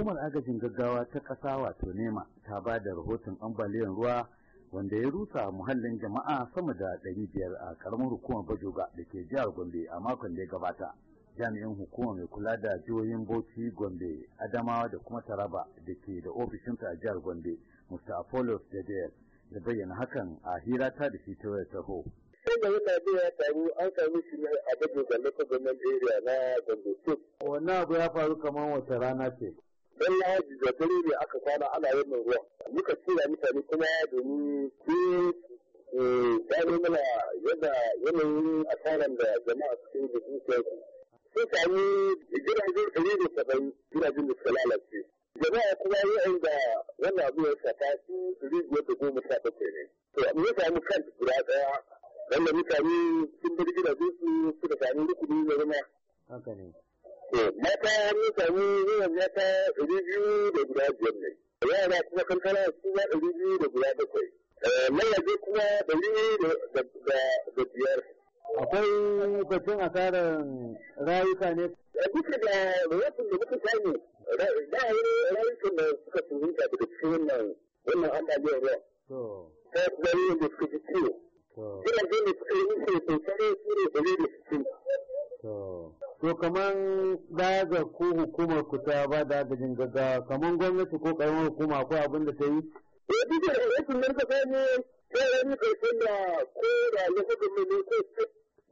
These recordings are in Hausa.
hukumar agajin gaggawa ta ƙasa wato nema ta ba da rahoton ambaliyar ruwa wanda ya rusa muhallin jama'a sama da ɗari biyar a karamar hukumar bajoga da ke jihar gombe a makon da ya gabata jami'in hukumar mai kula da jihohin bauchi gombe adamawa da kuma taraba da ke da ofishinsa a jihar gombe mr apollos jadeyar da bayyana hakan a hira ta da shi ta wayar taho Yadda wata ya faru an sami shi ne a bajoga local government area na gombe state wannan abu ya faru kamar wata rana ce don ya haji da dare ne aka kwana ana yin ruwa muka tura mutane kuma domin su eh, gano mana yadda yanayin asaran da jama'a cikin jikin zuciyarsu sun sami gidajen ɗari da saba'in gidajen da suka lalace jama'a kuma yayin da wannan abu ya shafa su ɗari biyar da goma sha bakwai ne to abu ya sami kan guda ɗaya wanda mutane sun bar gidajen su suka sami rukuni na zama haka ne Eh, mata wani sami yawan mata ɗari biyu da guda biyar ne yara kuma kankana su ma ɗari biyu da guda bakwai eh, mayaje kuma ɗari da biyar akwai batun asarar rayuka ne eh, duka da rayukan da muka samu ba a yi rayukan da suka tunzuta daga cikin wannan wannan ambaliyar ruwa ta ɗari da suka fi ciwo. Ina da suka yi nufin sosai su ne ɗari da kamar baya ga ko hukumar ku ta ba da agajin gaggawa kamar gwamnati ko karamar hukuma akwai abin da ta yi? Eh, duk da rashin nan ta ne ya yi ƙarfin da ko da lafafin mai ne ko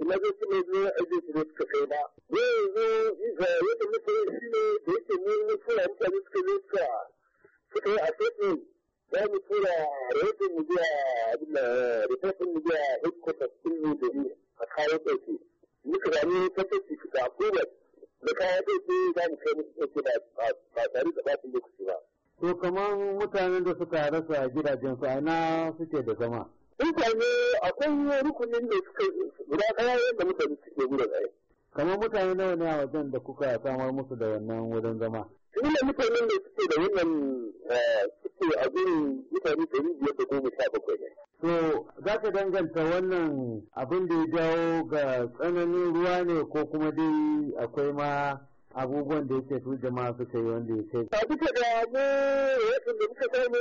na zai ci mai biyan aiki su ne suka kai ba. Yanzu yadda muka shi ne da yake ne na tura mutane suka ne suka suka yi a teku za mu tura rahoton mu biya abin da rahoton mu biya headquarters sun yi da a kayan ɗauki. Muka rami kwatanta da abubuwa da kayan aiki za mu kai musu ɗauke ba tare da ɓacin lokaci ba. To kamar mutanen da suka rasa gidajen su ana suke da zama. ne akwai rukunin da suka guda ɗaya yadda mutane suke gudu kai. Kamar mutane nawa ne a wajen da kuka samar musu da wannan wurin zama. Nuna mutanen da suke da wannan eh, suke a gurin mutane ɗari biyar da goma sha bakwai ne. To za ka danganta wannan abin da ya jawo ga tsananin ruwa ne ko kuma dai akwai ma abubuwan da yake su jama'a suka yi wanda ya kai. Ba duka da mu yadda da muka samu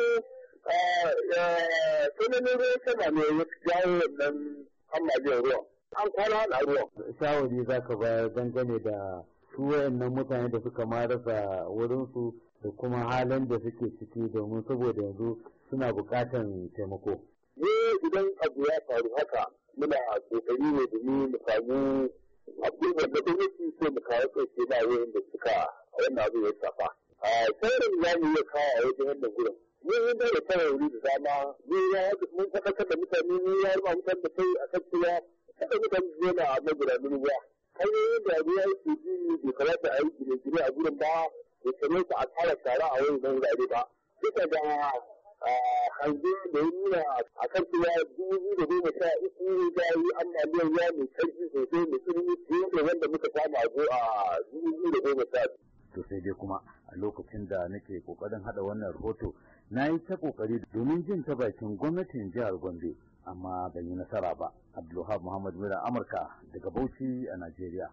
eh, tsananin ruwan sama ne ya jawo wannan ambaliyar ruwa. An kwana na ruwa. Shawari za ka bayar dangane da su wayannan mutane da suka marasa, wurinsu da kuma halin da suke ciki domin saboda yanzu suna buƙatan taimako. Eh idan abu ya faru haka muna kokari ne domin mu samu abin da da gwamnati so mu kawo kai na wurin da suka wannan abu ya shafa. A sauran za mu iya kawo a wajen wannan gurin. Mun yi da kawai wuri da dama mu ya mun faɗakar da mutane mu ya rubuta mutane da kai a akan cewa kada mutane zo na magudanin ruwa. hanyoyin da ruwa yake ji bai kamata a yi gine-gine a gurin ba bai kamata a kara tara a wani bangare ba duka ah, da hanzu da nuna a kan cewa dubu da goma sha uku za a yi biyan ruwa mai karfi sosai mai tsirni fiye da wanda muka samu a dubu da goma sha to sai dai kuma a lokacin da nake kokarin haɗa wannan rahoto na yi ta kokari domin jin ta bakin gwamnatin jihar gombe amma bai yi nasara ba abdulhab muhammad Mira amurka daga bauchi a najeriya